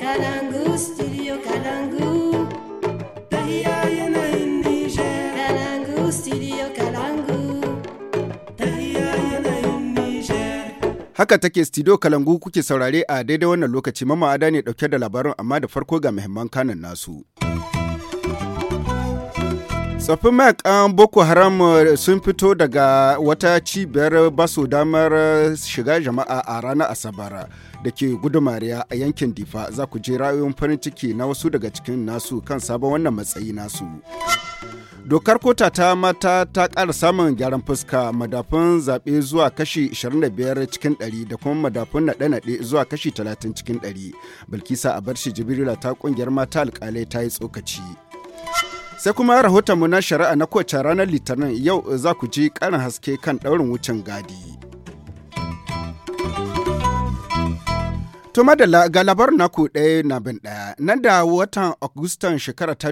Kalangu, Haka take studio Kalangu kuke saurare a daidai wannan lokaci mama ada ne dauke da labarin amma da farko ga muhimman kanan nasu. tsoffin mayakan boko haram eh, sun fito daga wata cibiyar basu damar eh, shiga jama'a a ranar asabar da ke gudumariya a yankin difa za ku je ra'ayoyin farin ciki na wasu daga cikin nasu kan sabon wannan matsayi nasu dokar kota ta mata ta ƙara samun gyaran fuska madafin zaɓe zuwa kashi 25 cikin 100 da kuma madafun naɗe-naɗe zuwa kashi 30 cikin 100 bilkisa a barshi jibrila ta ƙungiyar mata alƙalai ta yi tsokaci Sai kuma rahotonmu na shari'a na kowace ranar Litinin yau za ku ji ƙarin haske kan ɗaurin wucin gadi. To madalla galabar na naku ɗaya na bin ɗaya nan da watan Agustan shekara ta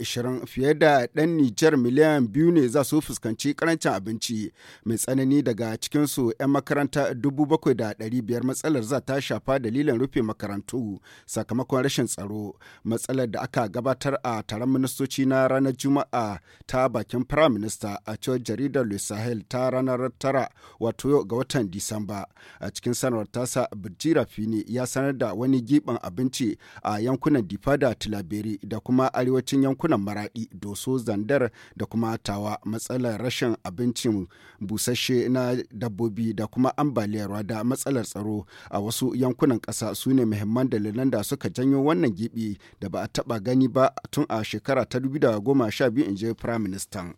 ashirin fiye da ɗan Nijar miliyan biyu ne za su fuskanci karancin abinci mai tsanani daga cikinsu 'yan makaranta da biyar matsalar za ta shafa dalilin rufe makarantu sakamakon rashin tsaro matsalar da aka gabatar a taron ministoci na ranar Juma'a ta bakin Prime Minister a cewar jaridar Le ta ranar tara wato ga watan Disamba a cikin sanarwar tasa Birjira Fini ya sanar da wani giɓin abinci a yankunan difada da Tilaberi da kuma arewacin yankunan Maradi, Doso, Zandar da kuma Tawa matsalar rashin abincin busasshe na dabbobi da kuma ambaliyar da matsalar tsaro a wasu yankunan ƙasa su ne muhimman dalilan da suka janyo wannan giɓi da ba a taɓa gani ba tun a shekara ta 2012 in je Firaministan.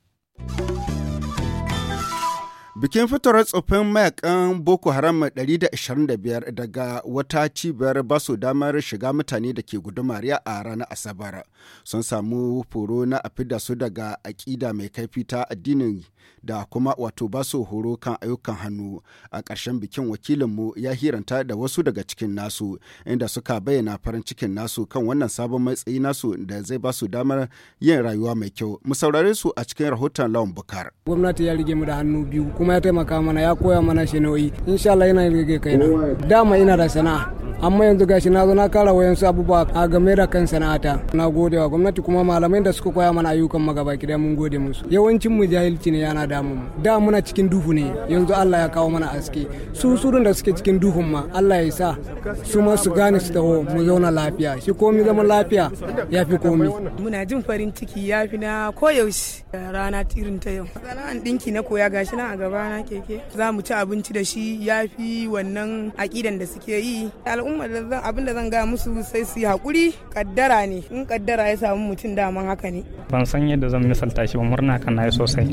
Bikin fitarar tsofin mayakan Boko Haram 125 daga wata cibiyar ba su damar shiga mutane da ke gudumariya a ranar Asabar. Sun samu horo na afida su daga aƙida mai kaifi ta addinin da kuma wato ba su horo kan ayyukan hannu. A ƙarshen bikin wakilinmu ya hiranta da wasu daga cikin nasu inda suka bayyana farin cikin nasu kan wannan sabon matsayi nasu da zai ba su damar yin rayuwa mai kyau. Mu saurare su a cikin rahoton Lawan Bukar. Gwamnati ya rige mu da hannu biyu kuma ya taimaka mana ya koya mana nauyi insha Allah yana rage kaina dama ina da sana'a amma yanzu gashi na zo na kara wayansu abubuwa a game da kan sana'ata na gode wa gwamnati kuma malamai da suka koya mana ayyukan magaba gida mun gode musu yawancin mu jahilci ne yana damu mu da muna cikin duhu ne yanzu Allah ya kawo mana aske su surun da suke cikin duhun ma Allah ya sa su ma su gane su taho mu zauna lafiya shi komi zaman lafiya ya fi komi muna jin farin ciki ya fi na koyaushe rana irin ta yau sana'an dinki na koya gashi nan a gaba na keke za mu ci abinci da shi ya fi wannan aƙidan da suke yi al'umma al'umma da zan abin da zan gaya musu sai su yi hakuri kaddara ne in kaddara ya samu mutum daman haka ne ban san yadda zan misalta shi ba murna kan na yi sosai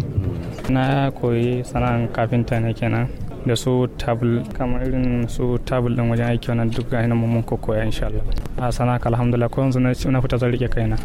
na koyi sana'an kafinta ne kenan da su tabul kamar irin su tabul din wajen aiki wannan duk ga hinan mun kokoya insha Allah a sana'a alhamdulillah ko yanzu na fita zan rike kaina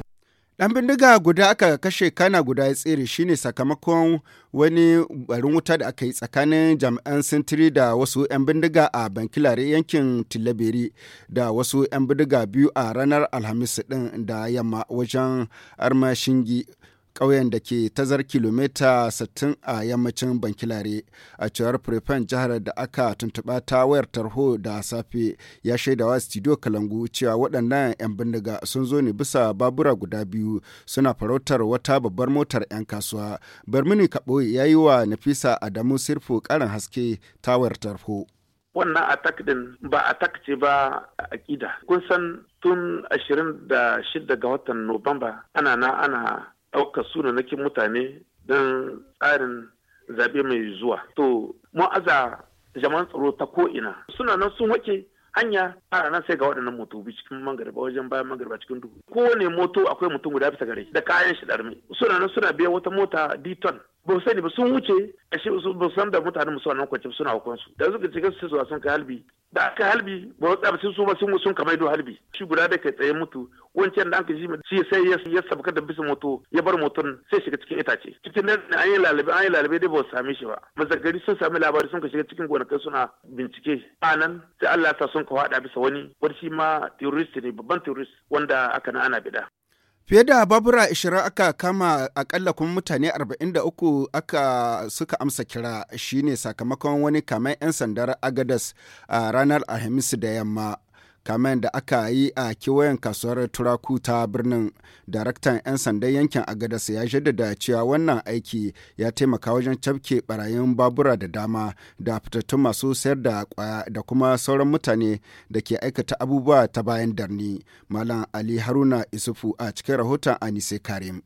Ɗan bindiga guda aka kashe kana guda ya tsere shine sakamakon wani barin wuta da aka yi tsakanin jami'an sintiri da wasu 'yan bindiga a bankilare yankin tilaberi da wasu 'yan bindiga biyu a ranar alhamis ɗin da yamma wajen armashingi ƙauyen da ke tazar kilomita 60 a yammacin bankilare a cewar prefen jihar da aka tuntuɓa ta wayar tarho da safe ya shaidawa studio kalangu cewa waɗannan 'yan bindiga sun zo ne bisa babura guda biyu suna farautar wata babbar motar 'yan kasuwa barmini kaɓo ya yi wa nafisa adamu sirfu ƙarin haske ta wayar tarho wannan attack din ba attack ce ba akida kun san tun 26 ga watan Nuwamba ana na ana ɗaukar sunanakin mutane don tsarin zabe mai zuwa. To, mu aza jaman tsaro ta ko'ina. Suna nan sun wake hanya fara nan sai ga waɗannan motobi cikin mangariba wajen bayan mangariba cikin duhu. Kowane moto akwai mutum guda bisa gare da kayan shi ɗarmi. Suna nan suna biya wata mota Diton ba sani ba sun wuce a shi ba san da mutanen musu wannan kwanci suna su da suka cika su zuwa sun kai halbi da aka halbi ba wasu abu sun ba sun sun kamar halbi shi guda da kai tsaye mutu wancan da aka ji shi sai ya sabka da bisa moto ya bar motar sai shiga cikin itace cikin nan an yi lalabe an yi lalabe dai ba su same shi ba mazagari sun sami labari sun ka shiga cikin gonakai suna bincike a nan sai Allah ya sun ka bisa wani wani shi ma terrorist ne babban terrorist wanda aka na ana bida Fiye da babura 20 aka kama akalla kuma mutane 43 aka suka amsa kira shine sakamakon wani kamar 'yan sandar Agadas a ranar Alhamis da yamma. kamen da aka yi a kewayen kasuwar turaku ta birnin daraktan 'yan sandan yankin agadas ya jaddada cewa wannan aiki ya taimaka wajen cafke barayin babura da dama da fitattun masu sayar da kwaya da kuma sauran mutane da ke aikata abubuwa ta bayan darni malam ali haruna isufu a cikin rahoton anise karim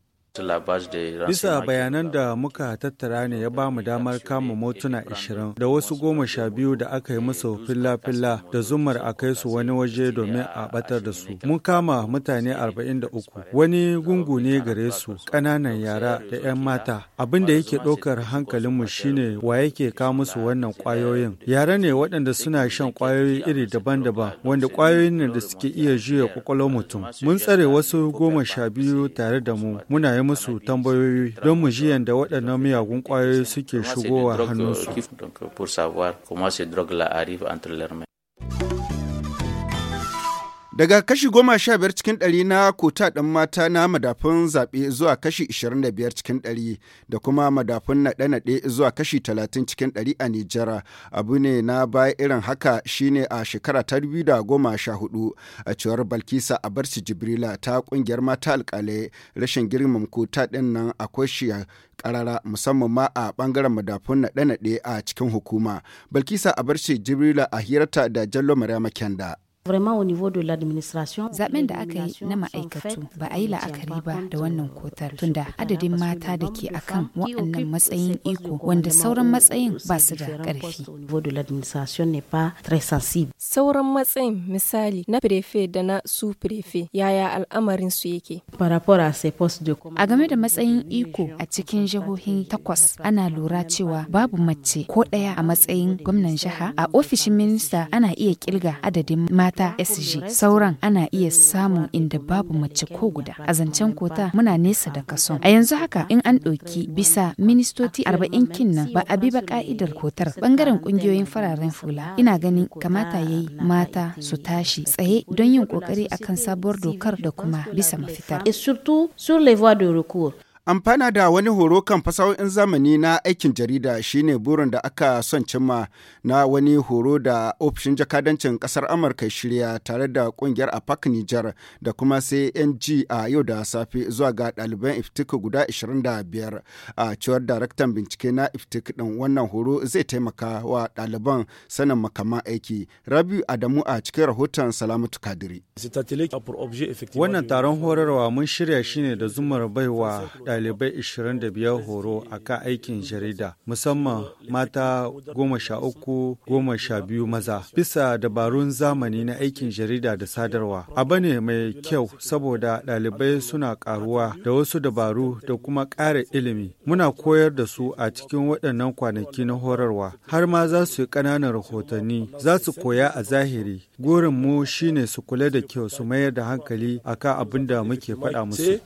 Bisa bayanan da muka tattara ne ya ba mu damar kama motuna 20 da wasu goma sha biyu da aka yi musu filla-filla da zumar a kai su wani waje domin a batar da su. Mun kama mutane 43 wani gungu ne gare su ƙananan yara da 'yan mata. Abin da yake ɗaukar hankalinmu shine wa yake ka su wannan kwayoyin Yara ne waɗanda suna shan kwayoyi iri daban-daban wanda ƙwayoyin ne da suke iya juya kwakwalwar mutum. Mun tsare wasu goma sha biyu tare da mu muna yin musu tambayoyi don mu ji yadda waɗannan miyagun ƙwayoyi suke shigowa hannunsu. Daga kashi goma sha biyar cikin ɗari na kota ɗin mata na madafin zaɓe zuwa kashi ishirin da biyar cikin ɗari da kuma madafun naɗe-naɗe zuwa kashi talatin cikin ɗari a Nijar. Abu ne na baya irin haka shine a shekara ta dubu da goma sha hudu a cewar Balkisa a barci Jibrila ta ƙungiyar mata alƙalai rashin girmam kota ɗin nan akwai shi karara musamman ma a ɓangaren madafun naɗe-naɗe a cikin hukuma. Balkisa a barci Jibrila a hirarta da Jallo Maryama Kenda. Zaben da aka yi na ma'aikatu ba a yi la'akari ba da wannan kotar tunda adadin mata da ke akan waɗannan matsayin iko wanda sauran matsayin ba su da ƙarfi. Sauran matsayin misali na prefe da na su prefe yaya al'amarin su yake. A game da matsayin iko a cikin jihohin takwas ana lura cewa babu mace ko ɗaya a matsayin gwamnan jiha a ofishin minista ana iya kilga adadin mata mata SG sauran ana iya samun inda babu mace ko guda. A zancen kota muna nesa da kaso. A yanzu haka in an ɗauki bisa ministoci arba'in nan ba a bi ba ka'idar kotar ɓangaren ƙungiyoyin fararen fula ina ganin kamata yayi mata su tashi tsaye don yin ƙoƙari akan sabuwar dokar da kuma bisa mafitar. surtout sur les voies de recours. Amfana da wani horo kan fasahohin zamani na aikin jarida shine burin da aka son cimma na wani horo da ofishin jakadancin kasar Amurka shirya tare da kungiyar APAC Niger da kuma CNG a yau da safe zuwa ga ɗaliban iftik guda 25 a cewar daraktan bincike na iftik ɗin wannan horo zai taimaka wa ɗaliban sanin makaman aiki. rabi Adamu a cikin rahoton Salamatu Kadiri. Wannan taron horarwa mun shirya shine da zumar baiwa ɗalibai 25 horo a kan aikin jarida, musamman mata 13-12 maza, bisa dabarun zamani na aikin jarida da sadarwa. Abu ne mai kyau saboda dalibai suna ƙaruwa da wasu dabaru da kuma ƙara ilimi. Muna koyar da su a cikin waɗannan kwanaki na horarwa, har ma za su yi ƙananan rahotanni, za su koya a zahiri. Gurin mu shine su kula da kyau su mayar da hankali akan abin da muke faɗa musu.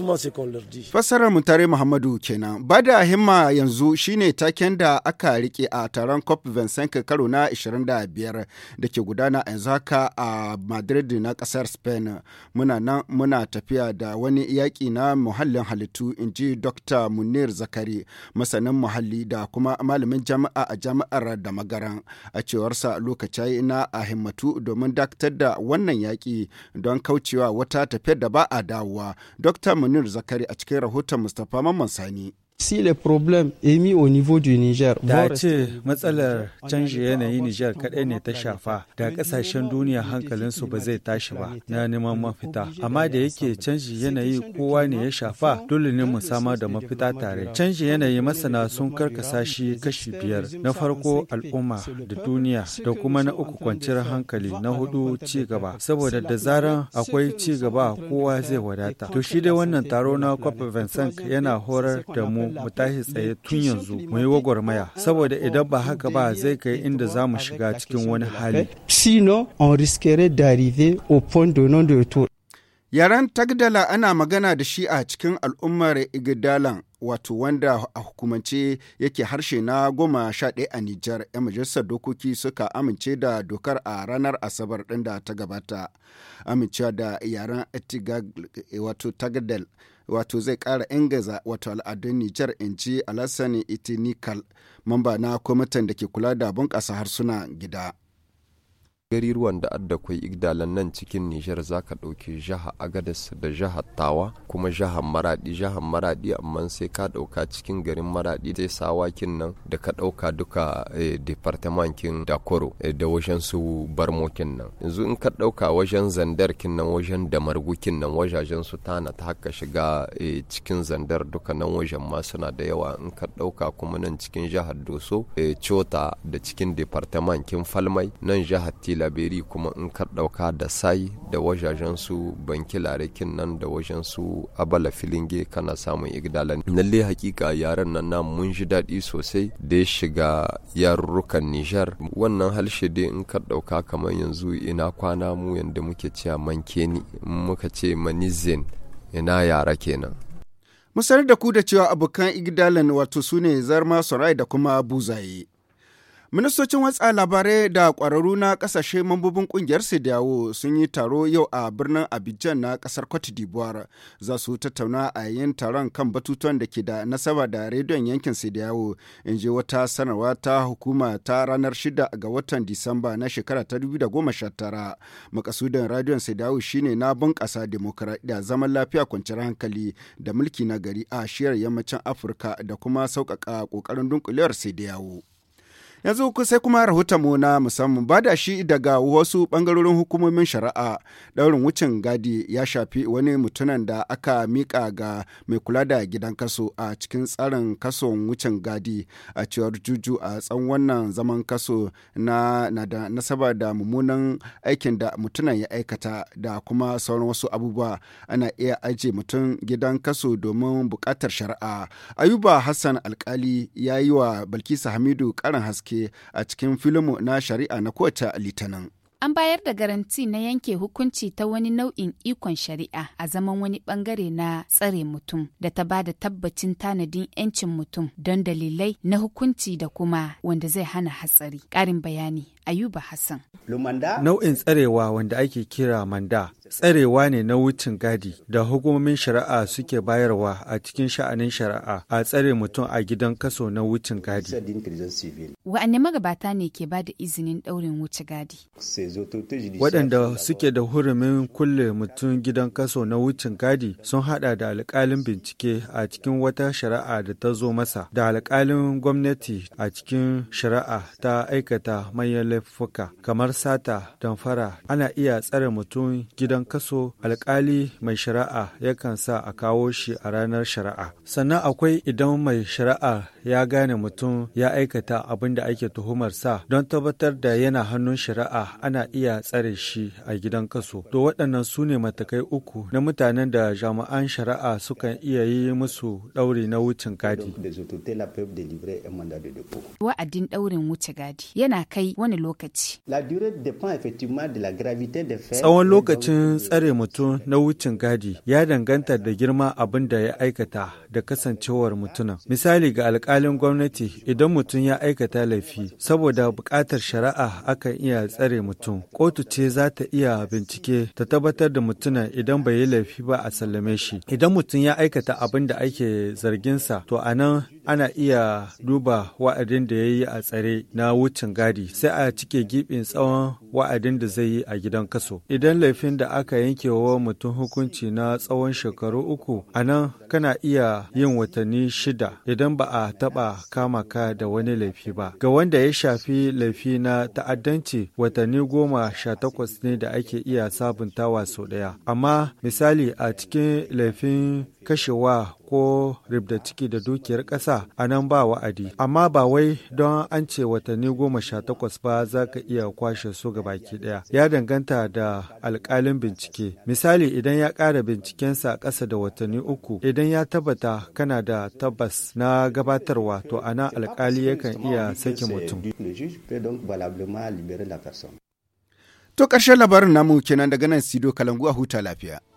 Fassarar Mutare Muhammadu kenan. Bada himma yanzu shine taken da aka rike a taron COP 25 karo na 25 da ke gudana yanzu haka a Madrid na kasar Spain. Muna nan muna tafiya da wani yaƙi na muhallin halittu in ji Dr. Munir Zakari masanin muhalli da kuma malamin jami'a a jami'ar da magaran a cewarsa lokaci na a himmatu domin dakatar da wannan yaƙi don kaucewa wata tafiyar da ba a dawowa. Dr. Munir Zakari a cikin rahoton Mustapha Mamman Sani. si le problème est mis au du Niger. Da ce matsalar canji yanayi Niger kaɗai ne ta shafa da ƙasashen duniya hankalinsu ba zai tashi ba na neman mafita. Amma da yake canji yanayi kowa ne ya shafa dole ne mu samar da mafita tare. Canji yanayi masana sun karkasa shi kashi biyar na farko al'umma da duniya da kuma na uku kwanciyar hankali na hudu ci gaba saboda da zaran akwai ci gaba kowa zai wadata. To shi dai wannan taro na COP yana horar da mu mu tashi tsaye tun yanzu mu yi gwagwarmaya saboda idan ba haka ba zai kai inda za mu shiga cikin wani hali. Sino on risquerait d'arriver au point de non de retour. Yaren Tagdala ana magana da shi a cikin al'ummar Igdalan wato wanda a hukumance yake harshe na goma sha ɗaya a Nijar, 'yan majalisar dokoki suka amince da dokar a ranar Asabar ɗin da ta gabata. Amincewa da yaren wato Tagdal wato zai ƙara ingaza wato al'adun Nijar in ji Alassane Itinikal, mamba na kwamitin da ke kula da bunƙasa harsuna gida. garuruwan da adda kai igdalan nan cikin nijar zaka ka ɗauki jiha agadas da jihar tawa kuma jihar maradi jihar maradi amma sai ka ɗauka cikin garin maradi sai sawakin nan da ka ɗauka duka eh, departamentin dakoro eh, da wajen su barmokin nan yanzu in ka ɗauka wajen zandar kin nan wajen damargukin nan wajajen su tana ta haka shiga eh, cikin zandar duka nan wajen ma suna da yawa in ka ɗauka kuma nan cikin jihar doso cota da cikin departamentin falmai nan jihar tila laberi kuma in ka ɗauka da sai da wajajen su banki larikin nan da wajen su abala filinge kana samun igdala lalle hakika yaren nan na mun ji daɗi sosai da ya shiga yarurrukan nijar wannan halshe dai in ka ɗauka kamar yanzu ina kwana mu yanda muke cewa mankeni muka ce manizin ina yara kenan musar da ku da cewa abokan igdalan wato sune zarma sorai da kuma buzaye Ministocin watsa labarai da ƙwararru na ƙasashe mambobin ƙungiyar sidiyawo sun yi taro yau a birnin Abidjan na ƙasar Cote d'Ivoire. Za su tattauna a yayin taron kan batutuwan da ke da nasaba da rediyon yankin sidiyawo In ji wata sanarwa ta hukuma ta ranar 6 ga watan Disamba na shekara ta 2019. Makasudin radiyon dawo shine na bunƙasa demokaraɗiyya zaman lafiya kwanciyar hankali da mulki na gari a shiyar yammacin Afirka da kuma sauƙaƙa ƙoƙarin dunkulewar sidiyawo yanzu sai kuma rahoton mu na musamman ba da shi daga wasu bangarorin hukumomin shari'a daurin wucin gadi ya shafi wani mutunan da aka mika ga mai kula da gidan kaso a cikin tsarin kason wucin gadi a cewar juju a tsan wannan zaman kaso na, da nasaba da mummunan aikin da mutunan ya aikata da kuma sauran wasu abubuwa ana iya aje mutum gidan kaso domin buƙatar shari'a ayuba hassan alkali ya yi wa balkisa hamidu karin haske a cikin filimu na shari'a na kowace litinin. An bayar da garanti na yanke hukunci ta wani nau'in ikon shari'a a zaman wani bangare na tsare mutum da ta bada tabbacin tanadin 'yancin mutum don dalilai na hukunci da kuma wanda zai hana hatsari. karin bayani Ayuba Hassan. Nau'in tsarewa wanda ake kira manda tsarewa ne na wucin gadi da hukumomin shari'a suke bayarwa a cikin sha'anin shari'a a tsare mutum a gidan kaso na wucin gadi. Wa'anne magabata ne ke ba da izinin ɗaurin wuce gadi? Waɗanda suke da hurumin kulle mutum gidan kaso na wucin gadi sun haɗa da alƙalin bincike a cikin wata shari'a da ta zo masa da alƙalin gwamnati a cikin shari'a ta aikata manyan laifuka kamar sata damfara ana iya tsare mutum gidan gidan kaso alkali mai shari'a yakan sa a kawo shi a ranar shari'a sannan akwai idan mai shari'a ya gane mutum ya aikata abin da ake tuhumar sa don tabbatar da yana hannun shari'a ana iya tsare shi a gidan kaso to waɗannan su ne matakai uku na mutanen da jami'an shari'a sukan iya yi musu ɗauri na wucin gadi wa'adin ɗaurin wuce gadi yana kai wani lokaci tsawon lokacin tsare mutum na wucin gadi ya danganta da girma abin da ya aikata da kasancewar mutumin. Misali ga alkalin gwamnati idan mutum ya aikata laifi saboda bukatar shari'a akan iya tsare mutum. Kotu ce za ta iya bincike ta tabbatar da mutuna idan bai yi laifi ba a sallame shi. Idan mutum ya aikata abin da ake zarginsa to anan ana iya duba wa'adin da ya yi a tsare na wucin gadi sai a cike gibin tsawon wa'adin da zai yi a gidan kaso. Idan laifin da aka yanke wa mutum hukunci na tsawon shekaru uku, a nan kana iya yin watanni shida idan ba a taɓa kama ka da wani laifi ba. Ga wanda ya shafi laifi na ta'addanci watanni goma sha takwas ne da ake iya sabuntawa sau ɗaya. Amma misali a cikin laifin kashewa ko ribda ciki da dukiyar ƙasa a nan ba wa'adi amma ba wai don an ce watanni goma sha takwas ba za ka iya kwashe su ga baki ɗaya ya danganta da alkalin bincike misali idan ya kara bincikensa ƙasa da watanni uku idan ya tabbata kana da tabbas na gabatarwa to ana alƙali yakan iya sake mutum To ƙarshen labarin namu kenan daga nan Sido Kalangu a huta lafiya.